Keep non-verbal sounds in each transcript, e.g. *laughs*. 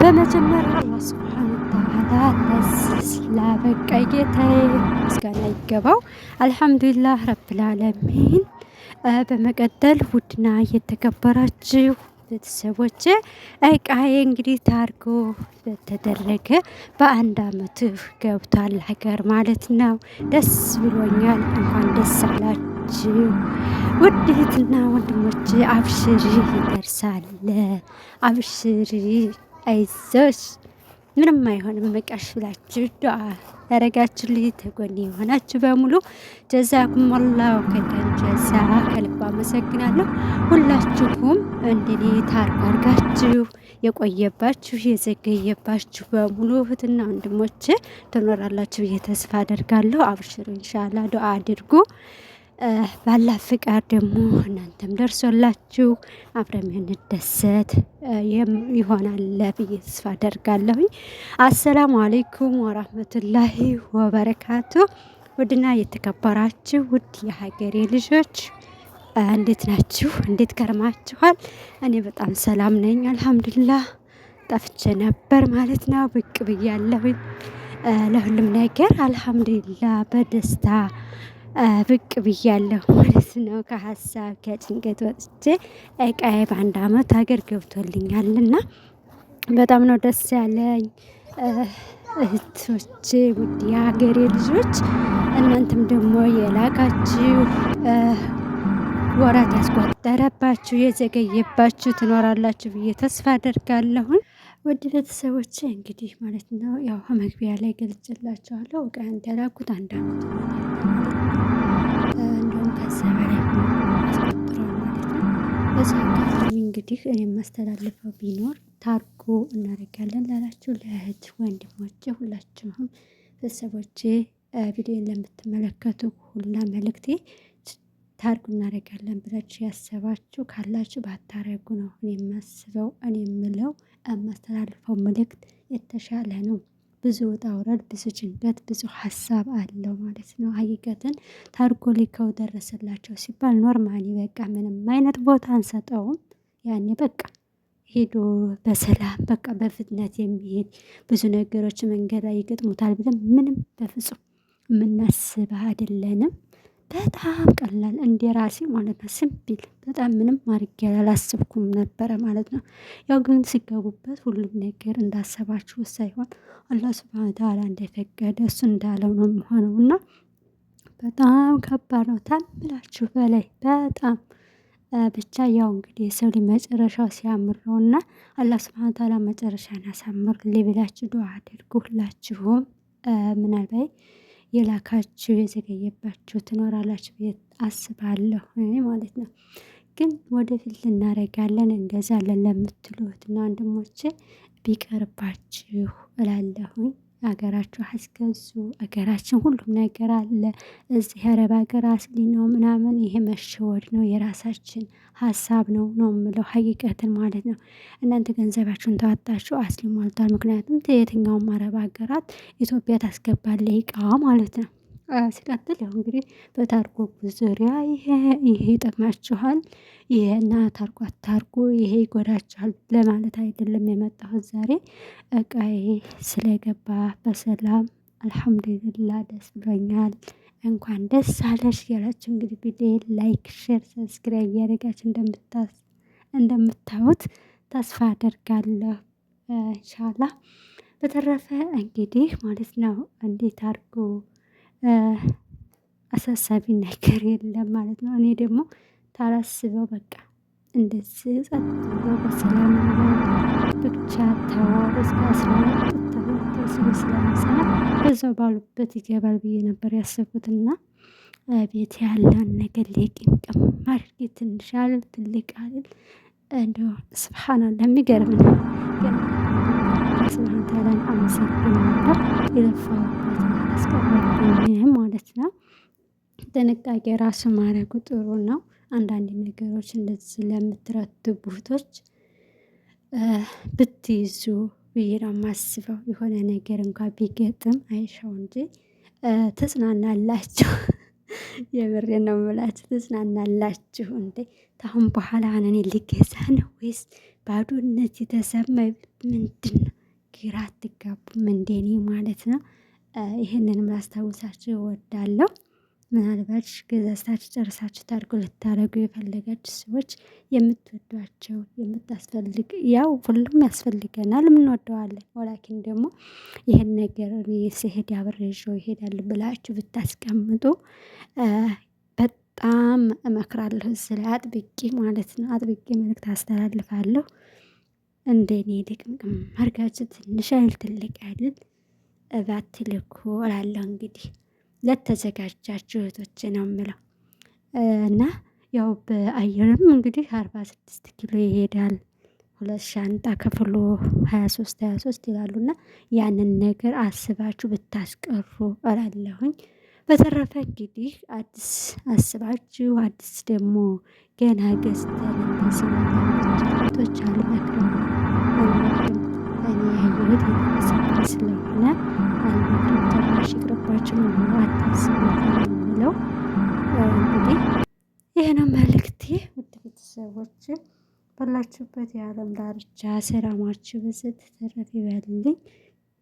በመጀመሪያ አላህ ስብሐነ ወተዓላ ለዚህ ላበቃ ጌታዬ ምስጋና ይገባው። አልሐምዱሊላህ ረብልዓለሚን። በመቀጠል ውድና እየተከበራችሁ ቤተሰቦች እቃዬ እንግዲህ ታርጎ በተደረገ በአንድ አመት ገብቷል ሀገር ማለት ነው። ደስ ብሎኛል። እንኳን ደስ አላችሁ። ናችሁ ውድ ወንድሞች፣ አብሽሪ ይደርሳል። አብሽሪ አይዞሽ፣ ምንም አይሆንም በቃሽ ብላችሁ ዱዓ ያረጋችሁልኝ ተጎኔ የሆናችሁ በሙሉ ጀዛኩሙላሁ ከይረን ጀዛ ከልብ አመሰግናለሁ። ሁላችሁም እንደኔ ታርቅ አድርጋችሁ የቆየባችሁ የዘገየባችሁ በሙሉ እህትና ወንድሞች ትኖራላችሁ ብዬ ተስፋ አደርጋለሁ። አብሽሩ ኢንሻአላህ ዱዓ አድርጉ። ባላ ፍቃድ ደግሞ እናንተም ደርሶላችሁ አብረን የምንደሰት ይሆናል ብዬ ተስፋ አደርጋለሁኝ። አሰላሙ አሌይኩም ወራህመቱላሂ ወበረካቱ። ውድና የተከበራችሁ ውድ የሀገሬ ልጆች እንዴት ናችሁ? እንዴት ከርማችኋል? እኔ በጣም ሰላም ነኝ አልሐምዱላህ። ጠፍቼ ነበር ማለት ነው፣ ብቅ ብያለሁኝ። ለሁሉም ነገር አልሐምዱሊላህ በደስታ ብቅ ብያለሁ ማለት ነው። ከሀሳብ ከጭንቀት ወጥቼ እቃዬ በአንድ አመት ሀገር ገብቶልኛል እና በጣም ነው ደስ ያለኝ። እህቶቼ ውድ የሀገሬ ልጆች እናንተም ደግሞ የላካችሁ ወራት ያስቆጠረባችሁ የዘገየባችሁ ትኖራላችሁ ብዬ ተስፋ አደርጋለሁን። ውድ ቤተሰቦች እንግዲህ ማለት ነው ያው መግቢያ ላይ ገልጽላችኋለሁ። እቃ አንድ አንድ አመት እንግዲህ እኔ የማስተላልፈው ቢኖር ታርጎ እናደርጋለን ላላችሁ ለእህት ወንድሞቼ፣ ሁላችሁም ቤተሰቦቼ ቪዲዮን ለምትመለከቱ ሁላ መልእክቴ ታርጉ እናደርጋለን ብላችሁ ያሰባችሁ ካላችሁ ባታረጉ ነው እኔ የማስበው እኔ የምለው የማስተላልፈው መልእክት የተሻለ ነው። ብዙ ውጣ ውረድ፣ ብዙ ጭንቀት፣ ብዙ ሀሳብ አለው ማለት ነው። ሀቂቀትን ታርጎ ሊከው ደረሰላቸው ሲባል ኖርማሊ በቃ ምንም አይነት ቦታ አንሰጠውም። ያኔ በቃ ሄዶ በሰላም በቃ በፍጥነት የሚሄድ ብዙ ነገሮች መንገድ ላይ ይገጥሙታል ብለን ምንም በፍጹም የምናስበህ አይደለንም። በጣም ቀላል እንደ ራሴ ማለት ነው። ስምፕል በጣም ምንም አድርጌ አላሰብኩም ነበረ ማለት ነው። ያው ግን ሲገቡበት ሁሉም ነገር እንዳሰባችሁ ሳይሆን አላህ ሱብሃነ ወተዓላ እንደፈቀደ እሱ እንዳለው ነው የሚሆነው እና በጣም ከባድ ነው ተምላችሁ በላይ በጣም ብቻ ያው እንግዲህ የሰው ልጅ መጨረሻው ሲያምር ነው እና አላህ ሱብሃነ ወተዓላ መጨረሻን ያሳምርልኝ ብላችሁ ዱዓ አድርጉ ሁላችሁም ምናልባት የላካችሁ የዘገየባችሁ ትኖራላችሁ ብዬ አስባለሁ ማለት ነው። ግን ወደፊት ልናደርጋለን እንገዛለን ለምትሉ ወንድሞቼ ቢቀርባችሁ እላለሁኝ። አገራችሁ አስገዙ አገራችን ሁሉም ነገር አለ እዚህ የአረብ ሀገር አስሊ ነው ምናምን ይሄ መሸወድ ነው የራሳችን ሀሳብ ነው ነው የምለው ሀቂቀትን ማለት ነው። እናንተ ገንዘባችሁን ታወጣችሁ አስሊ ሞልቷል። ምክንያቱም የትኛውም አረብ ሀገራት ኢትዮጵያ ታስገባለ ይቃዋ ማለት ነው ሲቀጥል ያው እንግዲህ በታርጎ ዙሪያ ይሄ ይሄ ይጠቅማችኋል ይሄና ታርጎ አታርጎ ይሄ ይጎዳችኋል ለማለት አይደለም የመጣሁት ዛሬ እቃዬ ስለገባ በሰላም አልሐምዱሊላ ደስ ብሎኛል። እንኳን ደስ አለሽ እያላችሁ እንግዲህ ቪዲዮ ላይክ፣ ሼር፣ ሰብስክራይብ እያደረጋችሁ እንደምታዩት ተስፋ አደርጋለሁ እንሻላ። በተረፈ እንግዲህ ማለት ነው እንዴት አድርጎ አሳሳቢ ነገር የለም ማለት ነው። እኔ ደግሞ ታላስበው በቃ እንደዚህ ጸጥ ብሎ በሰላም ብቻ ተዋር እስከ አስራ ሁለት ተሰበ ስለመሰላ በዛው ባሉበት ይገባል ብዬ ነበር ያሰብኩትና ቤት ያለውን ነገር ሌቂን ቅም አድርጌ ትንሽ አልል ትልቅ አልል እንዲ ስብሓናላ የሚገርም ነው። ስብሓን ታላን አመሰግናለሁ። የለፋሁበትን አላስቀረኝም ማለት ነው። ጥንቃቄ ራሱ ማድረጉ ጥሩ ነው። አንዳንድ ነገሮች እንደዚህ ለምትረቱ ቡቶች ብትይዙ ብዬ ነው የማስበው። የሆነ ነገር እንኳ ቢገጥም አይሻው እንጂ ተጽናናላችሁ። *laughs* የምሬ ነው የምላችሁ ተጽናናላችሁ። እንዴ ታሁን በኋላ እኔ ልገዛ ነው ወይስ ባዶነት የተሰማ ምንድን ነው? ግራ አትጋቡም እንደኔ ማለት ነው። ይህንንም ላስታውሳችሁ እወዳለሁ። ምናልባት ገዛዝታችሁ ጨርሳችሁ ታርጎ ልታደረጉ የፈለጋችሁ ሰዎች የምትወዷቸው የምታስፈልግ ያው ሁሉም ያስፈልገናል እንወደዋለን። ወላኪን ደግሞ ይህን ነገር ስሄድ አብሬዤው ይሄዳል ብላችሁ ብታስቀምጡ በጣም እመክራለሁ። ስለ አጥብቄ ማለት ነው አጥብቄ መልእክት አስተላልፋለሁ። እንደ እኔ ድቅምቅም አድርጋችሁ ትንሽ አይል ትልቅ አይል ባትልኩ እላለሁ። እንግዲህ ለተዘጋጃችሁ እህቶች ነው የምለው እና ያው በአየርም እንግዲህ አርባ ስድስት ኪሎ ይሄዳል ሁለት ሻንጣ ከፍሎ ሀያ ሶስት ሀያ ሶስት ይላሉ ይላሉና ያንን ነገር አስባችሁ ብታስቀሩ እላለሁኝ። በተረፈ እንግዲህ አዲስ አስባችሁ አዲስ ደግሞ ገና ገዝተን አሉ አልመክረም እኔ ህይወት ባላችሁበት የዓለም ዳርቻ ሰላማችሁ ብዝት ተረፍ ይበልልኝ።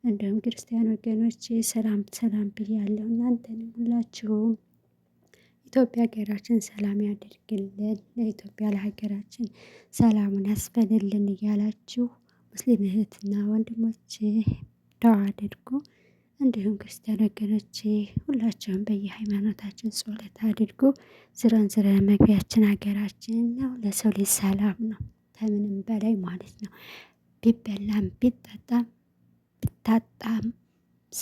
እንዲሁም ክርስቲያን ወገኖች ሰላም ሰላም ብዬ ያለው እናንተን ሁላችሁም ኢትዮጵያ ሀገራችን ሰላም ያደርግልን፣ ለኢትዮጵያ ለሀገራችን ሰላሙን ያስፈልልን እያላችሁ ሙስሊም እህትና ወንድሞች ደዋ አድርጉ። እንዲሁም ክርስቲያን ወገኖቼ ሁላቸውም በየሃይማኖታችን ጸሎት አድርጉ። ዝረን ዝረን መግቢያችን ሀገራችን ነው። ለሰው ልጅ ሰላም ነው ከምንም በላይ ማለት ነው። ቢበላም ቢጠጣም ቢታጣም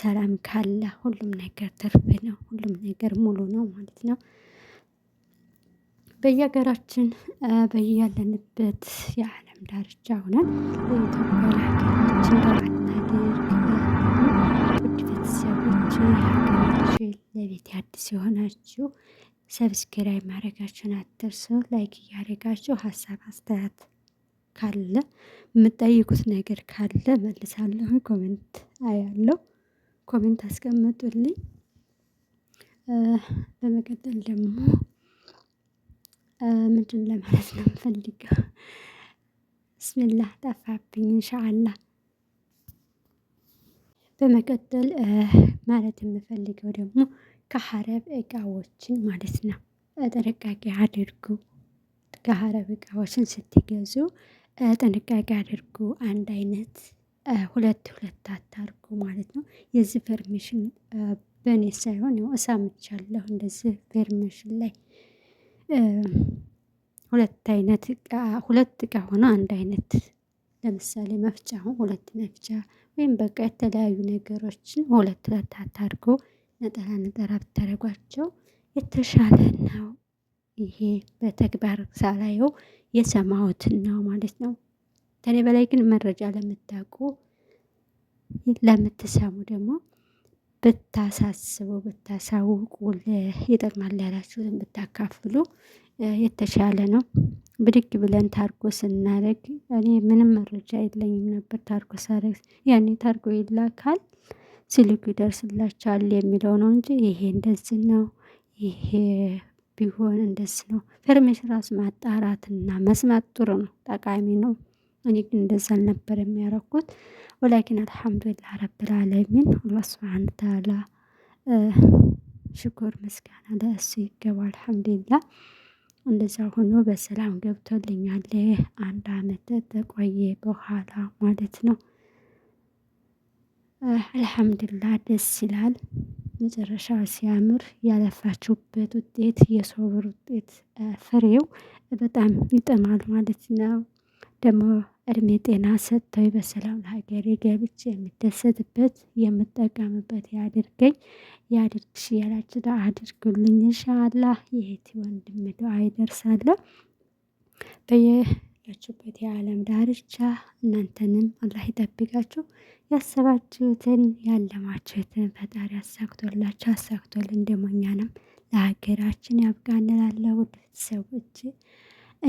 ሰላም ካለ ሁሉም ነገር ትርፍ ነው። ሁሉም ነገር ሙሉ ነው ማለት ነው። በየሀገራችን በያለንበት ያለ የዓለም ዳርቻ ሆነን የኢትዮጵያ ለሀገራችን እንዳናደርግ ውድ ቤተሰቦች ሀገራችን ለቤት አዲስ የሆናችሁ ሰብስክራይብ ማድረጋችሁን አትርሱ። ላይክ እያደረጋችሁ ሀሳብ አስተያየት ካለ የምጠይቁት ነገር ካለ መልሳለሁ። ኮሜንት አያለው፣ ኮሜንት አስቀምጡልኝ። በመቀጠል ደግሞ ምንድን ለማለት ነው የምፈልገው ብስምላህ ጠፋብኝ እንሻአላ በመቀጠል ማለት የምፈልገው ደግሞ ከሀረብ እቃዎችን ማለት ነው ጥንቃቄ አድርጉ። ከሀረብ እቃዎችን ስትገዙ ጥንቃቄ አድርጉ። አንድ አይነት ሁለት ሁለት አታርጉ ማለት ነው። የዚህ ፐርሚሽን በእኔ ሳይሆን ያው እሳምቻለሁ እንደዚህ ፌርሜሽን ላይ ሁለት አይነት ሁለት እቃ ሆኖ አንድ አይነት ለምሳሌ መፍጫ አሁን ሁለት መፍጫ ወይም በቃ የተለያዩ ነገሮችን ሁለት ሁለት አታድርጎ ነጠላ ነጠላ ብታደርጓቸው የተሻለ ነው። ይሄ በተግባር ሳላየው የሰማሁትን ነው ማለት ነው። ከኔ በላይ ግን መረጃ ለምታውቁ ለምትሰሙ ደግሞ ብታሳስቡ ብታሳውቁ ይጠቅማል ያላችሁትን ብታካፍሉ የተሻለ ነው። ብድግ ብለን ታርጎ ስናደርግ እኔ ምንም መረጃ የለኝም ነበር ታርጎ ሳደርግ ያኔ ታርጎ ይላካል ሲልኩ ይደርስላቸዋል የሚለው ነው እንጂ ይሄ እንደዚህ ነው። ይሄ ቢሆን እንደዚህ ነው ፌርሜሽ ራሱ ማጣራትና መስማት ጥሩ ነው ጠቃሚ ነው። እኔ ግን እንደዛ አልነበር የሚያረኩት። ወላኪን አልሐምዱላ ረብል ዓለሚን አላህ ሱብሓነሁ ወተዓላ ሽኩር ምስጋና ለእሱ ይገባ። አልሐምዱሊላህ እንደዛ ሆኖ በሰላም ገብቶልኛል። አንድ አመት ተቆየ በኋላ ማለት ነው። አልሐምዱላ ደስ ይላል። መጨረሻ ሲያምር ያለፋችሁበት ውጤት የሶብር ውጤት ፍሬው በጣም ይጥማል ማለት ነው። ደግሞ እድሜ ጤና ሰጥተው በሰላም ለሀገሬ ገብቼ የምደሰትበት የምጠቀምበት ያድርገኝ ያድርግሽ እያላችሁ ዱዓ አድርጉልኝ። ኢንሻአላህ የእህቴ ወንድም ዱዓ ይደርሳለሁ። በያላችሁበት የዓለም ዳርቻ እናንተንም አላህ ይጠብቃችሁ። ያሰባችሁትን ያለማችሁትን ፈጣሪ አሳክቶላችሁ አሳክቶልን ደግሞ እኛንም ለሀገራችን ያብቃን እንላለሁ። ውድ ቤተሰቦች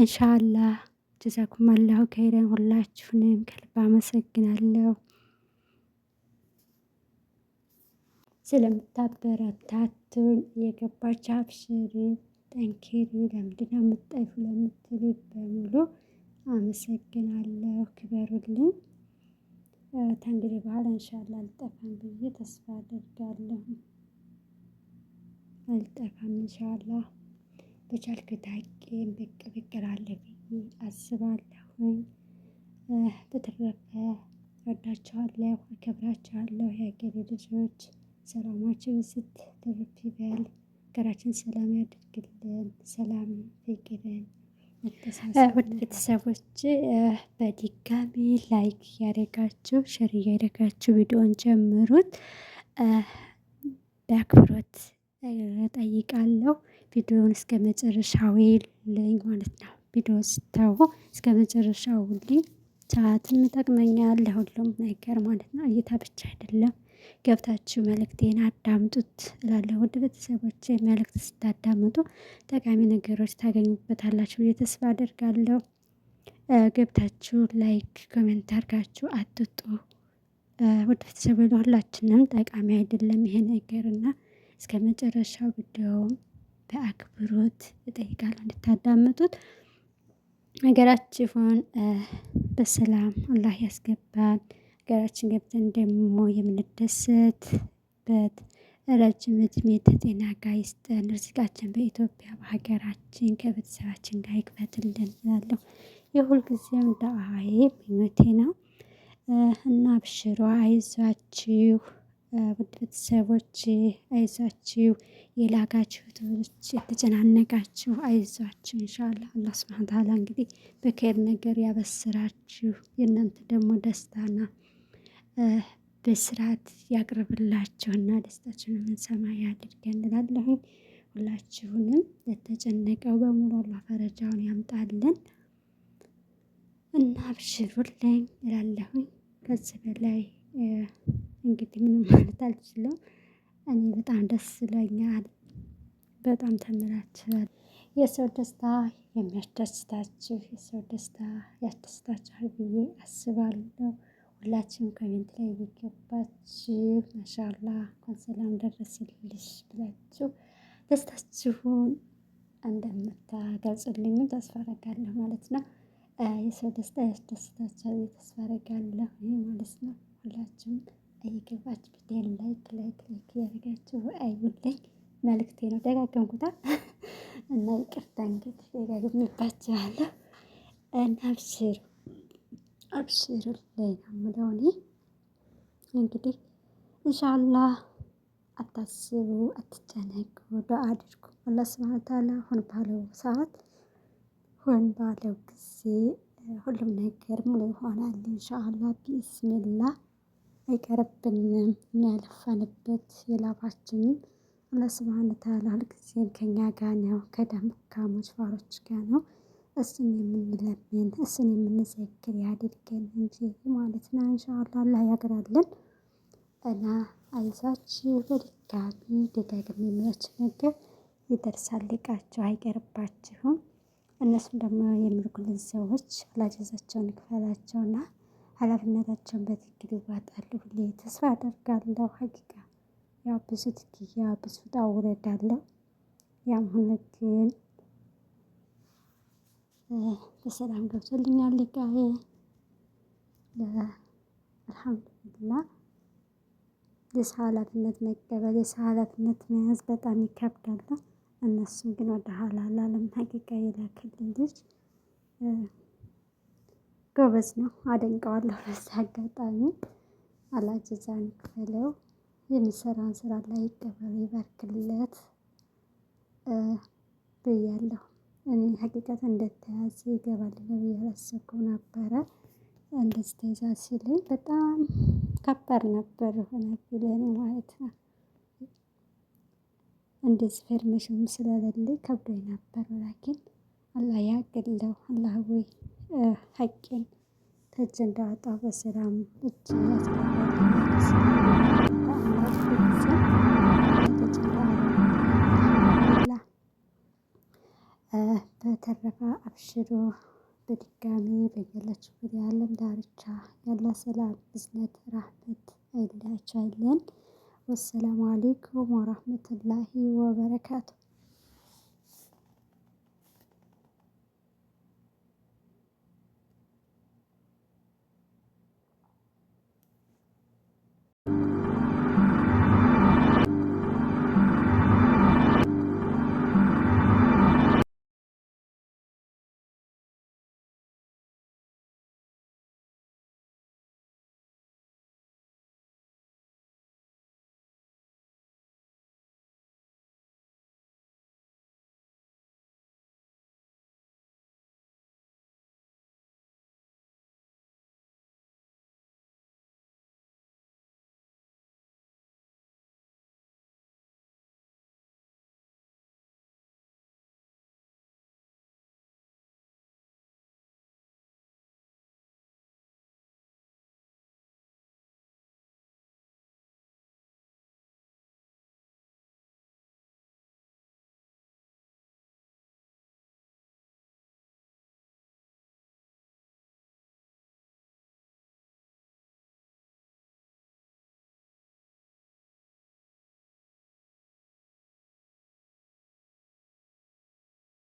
ኢንሻአላህ ጀዛኩም አላሁ ከይረን ሁላችሁንም ከልብ አመሰግናለሁ። ስለምታበረታቱኝ የገባች አብሽሪ ጠንኪሪ፣ ለምንድነው የምትጠይፉ ለምትሉ በሙሉ አመሰግናለሁ። ክበሩልኝ። ከእንግዲህ በኋላ እንሻላ አልጠፋም ብዬ ተስፋ አደርጋለሁ። አልጠፋም እንሻላ በቻልኩት አቅም ብቅ ብቅ እላለሁ። አስባለሁኝ። በተረፈ እወዳችኋለሁ፣ አከብራችኋለሁ የሀገሬ ልጆች። ሰላማችን ስት ትርፍ ይበል። ሀገራችን ሰላም ያድርግልን። ሰላም ፍቅርን ውድ ቤተሰቦች በድጋሚ ላይክ ያደረጋችሁ ሸር እያደረጋችሁ ቪዲዮን ጀምሩት። በአክብሮት ጠይቃለሁ። ቪዲዮውን እስከ መጨረሻዊ ልኝ ማለት ነው። ቪዲዮ ስታዩ እስከ መጨረሻው ሁሌ ሰዓትም ይጠቅመኛል ለሁሉም ነገር ማለት ነው። እይታ ብቻ አይደለም። ገብታችሁ መልእክቴን አዳምጡት እላለሁ። ውድ ቤተሰቦቼ መልእክት ስታዳምጡ ጠቃሚ ነገሮች ታገኙበታላችሁ የተስፋ አደርጋለሁ። ገብታችሁ ላይክ፣ ኮሜንት አድርጋችሁ አትጡ። ውድ ቤተሰብ ሁላችንም ጠቃሚ አይደለም ይሄ ነገር እና እስከ መጨረሻው ቪዲዮውን በአክብሮት እጠይቃለሁ እንድታዳምጡት ሀገራችሁን በሰላም አላህ ያስገባል። ሀገራችን ገብተን ደግሞ የምንደሰትበት ረጅም እድሜ ተጤና ጋር ይስጠን። ርዝቃችን በኢትዮጵያ በሀገራችን ከቤተሰባችን ጋር ይክፈትልን እላለሁ። የሁልጊዜም ዱዓዬ ምኞቴ ነው እና አብሽሯ አይዟችሁ ውድ ቤተሰቦች አይዟችሁ የላጋችሁት የተጨናነቃችሁ አይዟችሁ። እንሻላ አላህ ሱብሃነሁ ወተዓላ እንግዲህ በከይር ነገር ያበስራችሁ። የእናንተ ደግሞ ደስታና በስርዓት ያቅርብላችሁና ደስታችሁን የምንሰማ ያድርገን እንላለሁኝ። ሁላችሁንም ለተጨነቀው በሙሉ አላህ ፈረጃውን ያምጣልን እና አብሽሩልኝ እላለሁኝ ከዚህ በላይ እንግዲህ ምንም ማለት አልችልም። እኔ በጣም ደስ ይለኛል። በጣም ተምራችኋል። የሰው ደስታ የሚያስደስታችሁ የሰው ደስታ ያስደስታችኋል ብዬ አስባለሁ። ሁላችሁም ኮሜንት ላይ እየገባችሁ ማሻላ እንኳን ሰላም ደረስልሽ ብላችሁ ደስታችሁን እንደምታገልጹልኝም ተስፋ አደርጋለሁ ማለት ነው። የሰው ደስታ ያስደስታችኋል ተስፋ አደርጋለሁ ማለት ነው። ሁላችሁም እየገባችሁ ቪዲዮን ላይክ ላይክ ላይክ እያደረጋችሁ አይውልኝ መልእክቴ ነው። ደጋገምኩታ *laughs* እና ይቅርታ እንግዲህ ደጋግሜባችኋለሁ እና አብሽሩ አብሽሩ ላይ ነው የምለው እኔ እንግዲህ እንሻላ አታስቡ፣ አትጨነቁ፣ ዱዓ አድርጉ። አላህ ስብሐነ ወተዓላ ሆን ባለው ሰዓት ሆን ባለው ጊዜ ሁሉም ነገር ሙሉ ይሆናል። ኢንሻአላህ ቢስሚላህ አይቀርብንም። እኛ የላባችንን አላህ ስብሃነ ተዓላ ሁልጊዜም ከኛ ጋር ነው፣ ከደካሞች ባሮች ጋር ነው። እሱን የምንለምን እሱን የምንዘክር ያድርገን እንጂ ማለት ነው። እንሻላ አላህ ያግራለን እና አይዛችሁ በድጋሚ ደጋግሜ የሚያች ነገር ይደርሳል፣ ልቃችሁ አይቀርባችሁም። እነሱም ደግሞ የምልኩልን ሰዎች ላጀዛቸውን ይክፈላቸውና ኃላፊነታቸውን በትክክል ይወጣሉ ብዬ ተስፋ አደርጋለሁ። ሀቂቃ ያው ብዙ ያ ብዙ ውጣ ያም ሆኖ ግን በሰላም ገብቶልኛል ሊቃዬ አልሐምዱሊላ የሰው ኃላፊነት መቀበል የሰው ኃላፊነት መያዝ በጣም ይከብዳል። እነሱም ግን ወደ ኋላ አላለም። ሀቂቃ የላክልኝ ልጅ ጎበዝ ነው፣ አደንቀዋለሁ። በዛ አጋጣሚ አላጅዛን ክፍለው የሚሰራን ስራ ላይ ይቀበል ይባርክለት ብያለሁ። እኔ ሀቂቀት እንደተያዘ ይገባል ብዬ አላሰብኩ ነበረ። እንደዚህ ተይዛ ሲለኝ በጣም ከባድ ነበር ሆነብኝ ማለት ነው። እንደዚህ ፌርሜሽን ስለሌለኝ ከብዶኝ ነበር። ላኪን አላህ ያቅለው አላህ ወይ ሀቄን ከእጅ እንዳወጣ በሰላም እጅ በተረፈ አብሽሮ በድጋሚ በያላችሁበት የዓለም ዳርቻ ያለ ሰላም፣ እዝነት፣ ራህመት አይለያችሁ አይለን። ወሰላሙ አሌይኩም ወራህመቱላሂ ወበረካቱ።